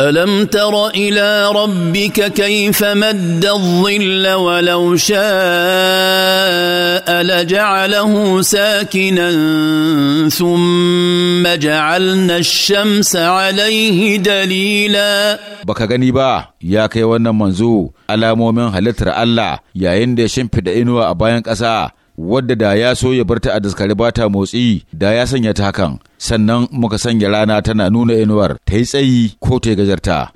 ألم تر إلى ربك كيف مد الظل ولو شاء لجعله ساكنا ثم جعلنا الشمس عليه دليلا بك غنيبا يا كي منزو ألا مومن هلتر الله يا إندي شمف دينو أبايان كسا wadda da ya so ya barta a daskare ba ta motsi da ya sanya ta hakan sannan muka sanya rana tana nuna inuwar ta yi tsayi ko ta gajarta